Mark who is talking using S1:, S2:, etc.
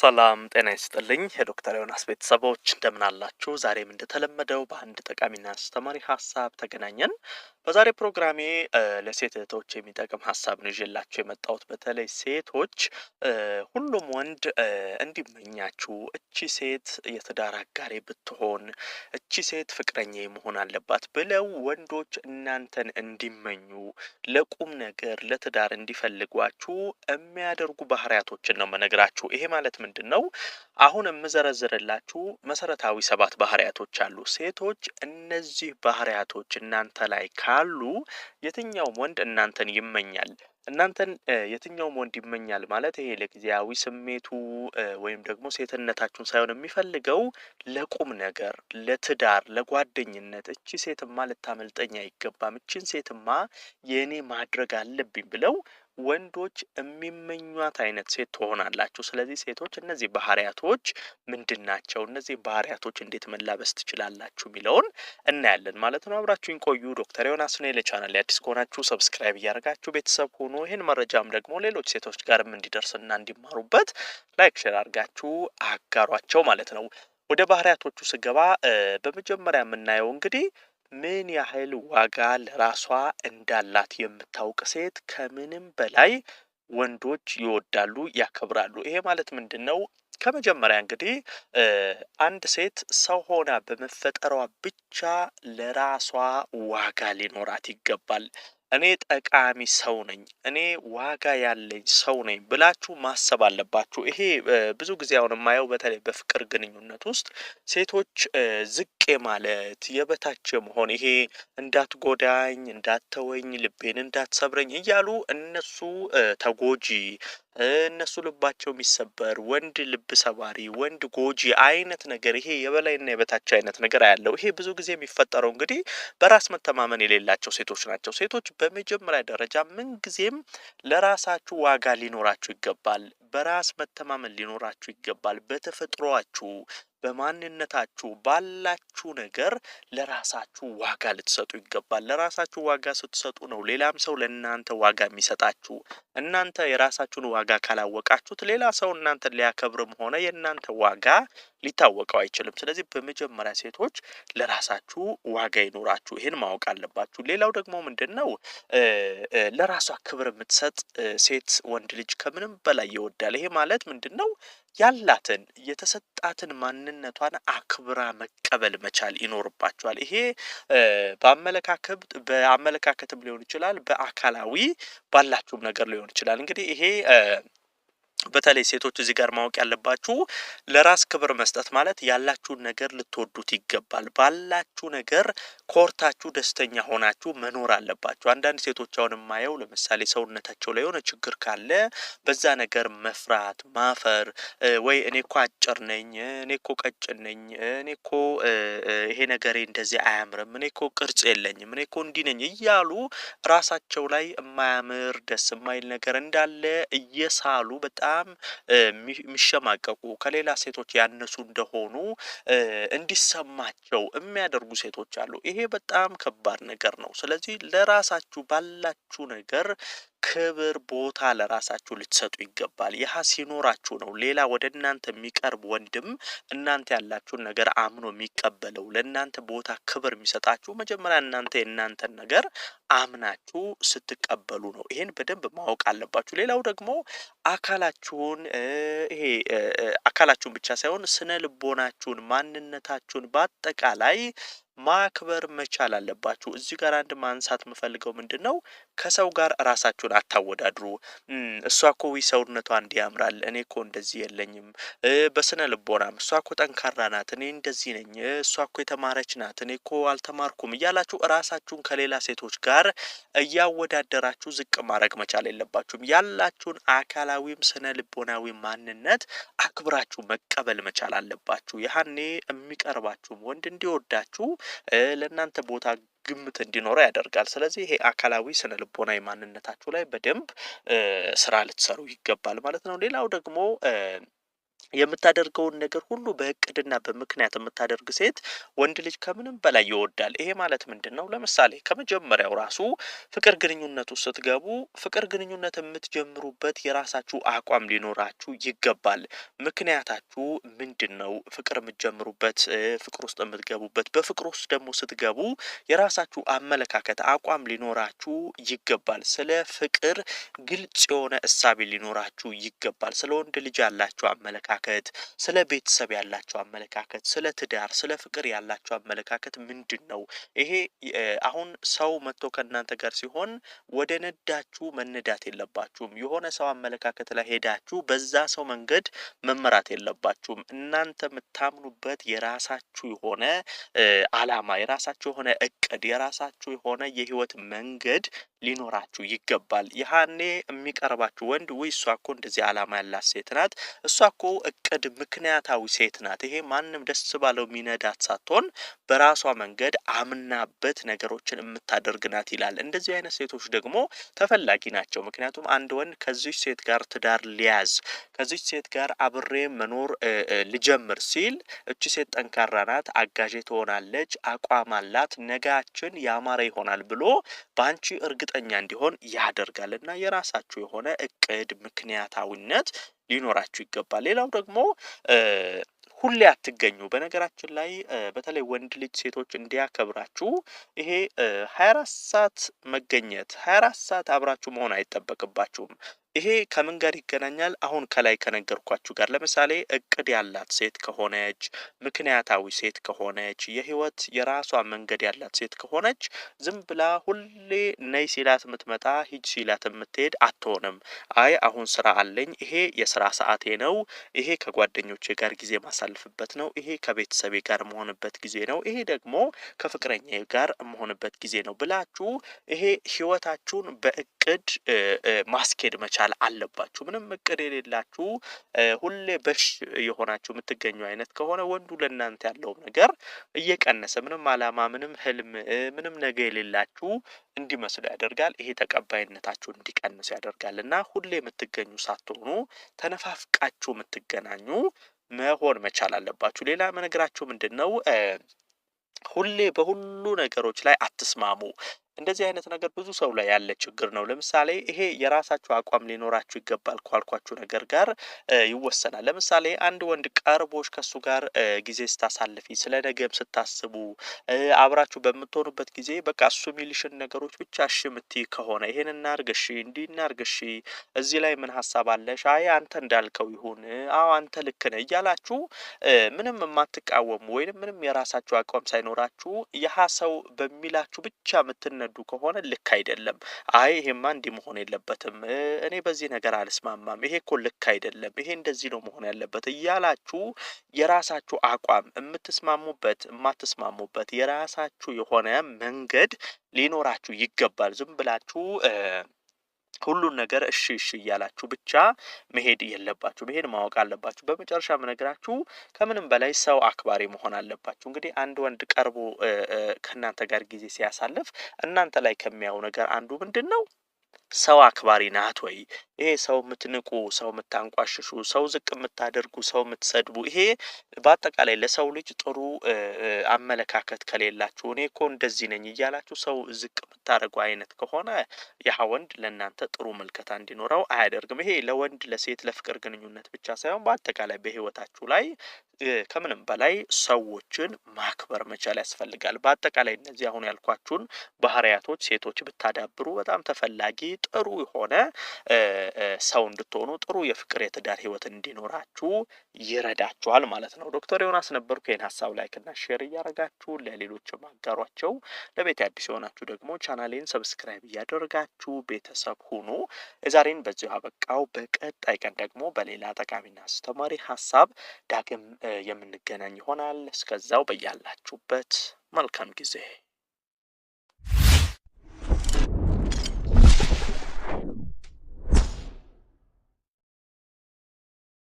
S1: ሰላም ጤና ይስጥልኝ የዶክተር ዮናስ ቤተሰቦች እንደምን አላችሁ? ዛሬም እንደተለመደው በአንድ ጠቃሚና አስተማሪ ሀሳብ ተገናኘን። በዛሬ ፕሮግራሜ ለሴት እህቶች የሚጠቅም ሀሳብ ነው ይዤላችሁ የመጣሁት። በተለይ ሴቶች ሁሉም ወንድ እንዲመኛችሁ እቺ ሴት የትዳር አጋሬ ብትሆን፣ እቺ ሴት ፍቅረኛ መሆን አለባት ብለው ወንዶች እናንተን እንዲመኙ ለቁም ነገር ለትዳር እንዲፈልጓችሁ የሚያደርጉ ባህሪያቶችን ነው መነግራችሁ። ይሄ ማለት ምንድን ነው? አሁን የምዘረዝርላችሁ መሰረታዊ ሰባት ባህሪያቶች አሉ። ሴቶች እነዚህ ባህሪያቶች እናንተ ላይ ካ ካሉ የትኛውም ወንድ እናንተን ይመኛል። እናንተን የትኛውም ወንድ ይመኛል ማለት ይሄ ለጊዜያዊ ስሜቱ ወይም ደግሞ ሴትነታችሁን ሳይሆን የሚፈልገው ለቁም ነገር፣ ለትዳር፣ ለጓደኝነት እቺ ሴትማ ልታመልጠኝ አይገባም፣ እቺን ሴትማ የእኔ ማድረግ አለብኝ ብለው ወንዶች የሚመኟት አይነት ሴት ትሆናላችሁ። ስለዚህ ሴቶች እነዚህ ባህሪያቶች ምንድን ናቸው? እነዚህ ባህሪያቶች እንዴት መላበስ ትችላላችሁ የሚለውን እናያለን ማለት ነው። አብራችሁኝ ቆዩ። ዶክተር ዮናስ ነኝ። ለቻናል አዲስ ከሆናችሁ ሰብስክራይብ እያደርጋችሁ ቤተሰብ ሁኑ። ይህን መረጃም ደግሞ ሌሎች ሴቶች ጋርም እንዲደርስና እንዲማሩበት ላይክ፣ ሼር አድርጋችሁ አጋሯቸው ማለት ነው። ወደ ባህሪያቶቹ ስገባ በመጀመሪያ የምናየው እንግዲህ ምን ያህል ዋጋ ለራሷ እንዳላት የምታውቅ ሴት ከምንም በላይ ወንዶች ይወዳሉ፣ ያከብራሉ። ይሄ ማለት ምንድን ነው? ከመጀመሪያ እንግዲህ አንድ ሴት ሰው ሆና በመፈጠሯ ብቻ ለራሷ ዋጋ ሊኖራት ይገባል። እኔ ጠቃሚ ሰው ነኝ፣ እኔ ዋጋ ያለኝ ሰው ነኝ ብላችሁ ማሰብ አለባችሁ። ይሄ ብዙ ጊዜ አሁን የማየው በተለይ በፍቅር ግንኙነት ውስጥ ሴቶች ዝቅ ማለት የበታች መሆን ይሄ እንዳትጎዳኝ፣ እንዳትተወኝ፣ ልቤን እንዳትሰብረኝ እያሉ እነሱ ተጎጂ እነሱ ልባቸው የሚሰበር ወንድ ልብ ሰባሪ ወንድ ጎጂ አይነት ነገር ይሄ የበላይና የበታች አይነት ነገር ያለው ይሄ ብዙ ጊዜ የሚፈጠረው እንግዲህ በራስ መተማመን የሌላቸው ሴቶች ናቸው። ሴቶች በመጀመሪያ ደረጃ ምንጊዜም ለራሳችሁ ዋጋ ሊኖራችሁ ይገባል። በራስ መተማመን ሊኖራችሁ ይገባል። በተፈጥሯችሁ፣ በማንነታችሁ፣ ባላችሁ ነገር ለራሳችሁ ዋጋ ልትሰጡ ይገባል። ለራሳችሁ ዋጋ ስትሰጡ ነው ሌላም ሰው ለእናንተ ዋጋ የሚሰጣችሁ። እናንተ የራሳችሁን ዋጋ ካላወቃችሁት ሌላ ሰው እናንተን ሊያከብርም ሆነ የእናንተ ዋጋ ሊታወቀው አይችልም። ስለዚህ በመጀመሪያ ሴቶች ለራሳችሁ ዋጋ ይኖራችሁ፣ ይህን ማወቅ አለባችሁ። ሌላው ደግሞ ምንድን ነው ለራሷ ክብር የምትሰጥ ሴት ወንድ ልጅ ከምንም በላይ ይወዳል። ይሄ ማለት ምንድን ነው? ያላትን የተሰጣትን ማንነቷን አክብራ መቀበል መቻል ይኖርባቸዋል። ይሄ በአመለካከት በአመለካከትም ሊሆን ይችላል፣ በአካላዊ ባላችሁም ነገር ሊሆን ይችላል። እንግዲህ ይሄ በተለይ ሴቶች እዚህ ጋር ማወቅ ያለባችሁ ለራስ ክብር መስጠት ማለት ያላችሁን ነገር ልትወዱት ይገባል። ባላችሁ ነገር ኮርታችሁ ደስተኛ ሆናችሁ መኖር አለባችሁ። አንዳንድ ሴቶች አሁን የማየው ለምሳሌ ሰውነታቸው ላይ የሆነ ችግር ካለ በዛ ነገር መፍራት፣ ማፈር ወይ እኔ እኮ አጭር ነኝ፣ እኔ እኮ ቀጭን ነኝ፣ እኔ እኮ ይሄ ነገሬ እንደዚህ አያምርም፣ እኔ እኮ ቅርጽ የለኝም፣ እኔ እኮ እንዲህ ነኝ እያሉ ራሳቸው ላይ የማያምር ደስ የማይል ነገር እንዳለ እየሳሉ በጣም በጣም የሚሸማቀቁ ከሌላ ሴቶች ያነሱ እንደሆኑ እንዲሰማቸው የሚያደርጉ ሴቶች አሉ። ይሄ በጣም ከባድ ነገር ነው። ስለዚህ ለራሳችሁ ባላችሁ ነገር ክብር ቦታ ለራሳችሁ ልትሰጡ ይገባል። ይህ ሲኖራችሁ ነው ሌላ ወደ እናንተ የሚቀርብ ወንድም እናንተ ያላችሁን ነገር አምኖ የሚቀበለው። ለእናንተ ቦታ ክብር የሚሰጣችሁ መጀመሪያ እናንተ የእናንተን ነገር አምናችሁ ስትቀበሉ ነው። ይሄን በደንብ ማወቅ አለባችሁ። ሌላው ደግሞ አካላችሁን ይሄ አካላችሁን ብቻ ሳይሆን ስነ ልቦናችሁን፣ ማንነታችሁን በአጠቃላይ ማክበር መቻል አለባችሁ። እዚህ ጋር አንድ ማንሳት የምፈልገው ምንድን ነው፣ ከሰው ጋር ራሳችሁን አታወዳድሩ። እሷ እኮ ዊ ሰውነቷ እንዲያምራል እኔ ኮ እንደዚህ የለኝም። በስነ ልቦናም እሷ ኮ ጠንካራ ናት፣ እኔ እንደዚህ ነኝ። እሷ ኮ የተማረች ናት፣ እኔ ኮ አልተማርኩም እያላችሁ ራሳችሁን ከሌላ ሴቶች ጋር እያወዳደራችሁ ዝቅ ማድረግ መቻል የለባችሁም። ያላችሁን አካላዊም ስነ ልቦናዊ ማንነት አክብራችሁ መቀበል መቻል አለባችሁ። ያኔ የሚቀርባችሁም ወንድ እንዲወዳችሁ ለእናንተ ቦታ ግምት እንዲኖረው ያደርጋል። ስለዚህ ይሄ አካላዊ ስነ ልቦናዊ ማንነታችሁ ላይ በደንብ ስራ ልትሰሩ ይገባል ማለት ነው። ሌላው ደግሞ የምታደርገውን ነገር ሁሉ በእቅድና በምክንያት የምታደርግ ሴት ወንድ ልጅ ከምንም በላይ ይወዳል። ይሄ ማለት ምንድን ነው? ለምሳሌ ከመጀመሪያው ራሱ ፍቅር ግንኙነቱ ስትገቡ ፍቅር ግንኙነት የምትጀምሩበት የራሳችሁ አቋም ሊኖራችሁ ይገባል። ምክንያታችሁ ምንድን ነው? ፍቅር የምትጀምሩበት ፍቅር ውስጥ የምትገቡበት በፍቅር ውስጥ ደግሞ ስትገቡ የራሳችሁ አመለካከት፣ አቋም ሊኖራችሁ ይገባል። ስለ ፍቅር ግልጽ የሆነ እሳቤ ሊኖራችሁ ይገባል። ስለ ወንድ ልጅ ያላችሁ አመለካከት አመለካከት፣ ስለ ቤተሰብ ያላቸው አመለካከት፣ ስለ ትዳር፣ ስለ ፍቅር ያላቸው አመለካከት ምንድን ነው? ይሄ አሁን ሰው መጥቶ ከእናንተ ጋር ሲሆን ወደ ነዳችሁ መነዳት የለባችሁም። የሆነ ሰው አመለካከት ላይ ሄዳችሁ በዛ ሰው መንገድ መመራት የለባችሁም። እናንተ የምታምኑበት የራሳችሁ የሆነ አላማ፣ የራሳችሁ የሆነ እቅድ፣ የራሳችሁ የሆነ የህይወት መንገድ ሊኖራችሁ ይገባል። ያኔ የሚቀርባችሁ ወንድ ውይ እሷ እኮ እንደዚህ አላማ ያላት ሴት ናት፣ እሷ እኮ እቅድ ምክንያታዊ ሴት ናት። ይሄ ማንም ደስ ባለው ሚነዳት ሳትሆን በራሷ መንገድ አምናበት ነገሮችን የምታደርግ ናት ይላል። እንደዚህ አይነት ሴቶች ደግሞ ተፈላጊ ናቸው። ምክንያቱም አንድ ወንድ ከዚች ሴት ጋር ትዳር ሊያዝ ከዚች ሴት ጋር አብሬ መኖር ልጀምር ሲል እቺ ሴት ጠንካራ ናት፣ አጋዤ ትሆናለች፣ አቋም አላት፣ ነጋችን ያማረ ይሆናል ብሎ በአንቺ እርግጠኛ እንዲሆን ያደርጋል እና የራሳችሁ የሆነ እቅድ ምክንያታዊነት ሊኖራችሁ ይገባል። ሌላው ደግሞ ሁሌ አትገኙ። በነገራችን ላይ በተለይ ወንድ ልጅ ሴቶች እንዲያከብራችሁ ይሄ ሀያ አራት ሰዓት መገኘት ሀያ አራት ሰዓት አብራችሁ መሆን አይጠበቅባችሁም። ይሄ ከምን ጋር ይገናኛል? አሁን ከላይ ከነገርኳችሁ ጋር ለምሳሌ እቅድ ያላት ሴት ከሆነች፣ ምክንያታዊ ሴት ከሆነች፣ የህይወት የራሷ መንገድ ያላት ሴት ከሆነች ዝም ብላ ሁሌ ነይ ሲላት የምትመጣ ሂጅ ሲላት የምትሄድ አትሆንም። አይ አሁን ስራ አለኝ፣ ይሄ የስራ ሰዓቴ ነው፣ ይሄ ከጓደኞቼ ጋር ጊዜ ማሳልፍበት ነው፣ ይሄ ከቤተሰቤ ጋር መሆንበት ጊዜ ነው፣ ይሄ ደግሞ ከፍቅረኛ ጋር መሆንበት ጊዜ ነው ብላችሁ ይሄ ህይወታችሁን በእቅድ ማስኬድ መቻል መጣል አለባችሁ። ምንም እቅድ የሌላችሁ ሁሌ በሽ የሆናችሁ የምትገኙ አይነት ከሆነ ወንዱ ለእናንተ ያለውም ነገር እየቀነሰ ምንም አላማ፣ ምንም ህልም፣ ምንም ነገ የሌላችሁ እንዲመስሉ ያደርጋል። ይሄ ተቀባይነታችሁ እንዲቀንስ ያደርጋል እና ሁሌ የምትገኙ ሳትሆኑ ተነፋፍቃችሁ የምትገናኙ መሆን መቻል አለባችሁ። ሌላ መነግራችሁ ምንድን ነው? ሁሌ በሁሉ ነገሮች ላይ አትስማሙ። እንደዚህ አይነት ነገር ብዙ ሰው ላይ ያለ ችግር ነው። ለምሳሌ ይሄ የራሳችሁ አቋም ሊኖራችሁ ይገባል ካልኳችሁ ነገር ጋር ይወሰናል። ለምሳሌ አንድ ወንድ ቀርቦች ከሱ ጋር ጊዜ ስታሳልፊ፣ ስለ ነገም ስታስቡ፣ አብራችሁ በምትሆኑበት ጊዜ በቃ እሱ የሚልሽን ነገሮች ብቻ እሺ የምትይ ከሆነ ይሄን እናርግ እንዲህ እዚህ ላይ ምን ሀሳብ አለሽ? አይ አንተ እንዳልከው ይሁን፣ አዎ አንተ ልክ ነህ እያላችሁ ምንም የማትቃወሙ ወይንም ምንም የራሳችሁ አቋም ሳይኖራችሁ ያህ ሰው በሚላችሁ ብቻ ምትነ የሚረዱ ከሆነ ልክ አይደለም። አይ ይሄማ እንዲህ መሆን የለበትም፣ እኔ በዚህ ነገር አልስማማም፣ ይሄ እኮ ልክ አይደለም፣ ይሄ እንደዚህ ነው መሆን ያለበት እያላችሁ የራሳችሁ አቋም የምትስማሙበት፣ የማትስማሙበት የራሳችሁ የሆነ መንገድ ሊኖራችሁ ይገባል። ዝም ብላችሁ ሁሉን ነገር እሺ እሺ እያላችሁ ብቻ መሄድ የለባችሁ። መሄድ ማወቅ አለባችሁ። በመጨረሻ ምነግራችሁ ከምንም በላይ ሰው አክባሪ መሆን አለባችሁ። እንግዲህ አንድ ወንድ ቀርቦ ከእናንተ ጋር ጊዜ ሲያሳልፍ እናንተ ላይ ከሚያየው ነገር አንዱ ምንድን ነው? ሰው አክባሪ ናት ወይ? ይሄ ሰው የምትንቁ፣ ሰው የምታንቋሽሹ፣ ሰው ዝቅ የምታደርጉ፣ ሰው የምትሰድቡ፣ ይሄ በአጠቃላይ ለሰው ልጅ ጥሩ አመለካከት ከሌላችሁ እኔ እኮ እንደዚህ ነኝ እያላችሁ ሰው ዝቅ የምታደርጉ አይነት ከሆነ ያህ ወንድ ለእናንተ ጥሩ ምልከታ እንዲኖረው አያደርግም። ይሄ ለወንድ ለሴት ለፍቅር ግንኙነት ብቻ ሳይሆን በአጠቃላይ በህይወታችሁ ላይ ከምንም በላይ ሰዎችን ማክበር መቻል ያስፈልጋል። በአጠቃላይ እነዚህ አሁን ያልኳችሁን ባህሪያቶች ሴቶች ብታዳብሩ በጣም ተፈላጊ ጥሩ የሆነ ሰው እንድትሆኑ ጥሩ የፍቅር የትዳር ህይወት እንዲኖራችሁ ይረዳችኋል ማለት ነው። ዶክተር ዮናስ ነበርኩ። ይህን ሀሳብ ላይክና ሼር እያደረጋችሁ ለሌሎች ማጋሯቸው። ለቤት አዲስ የሆናችሁ ደግሞ ቻናሌን ሰብስክራይብ እያደረጋችሁ ቤተሰብ ሁኑ። የዛሬን በዚሁ አበቃው። በቀጣይ ቀን ደግሞ በሌላ ጠቃሚና አስተማሪ ሀሳብ ዳግም የምንገናኝ ይሆናል። እስከዛው በያላችሁበት መልካም ጊዜ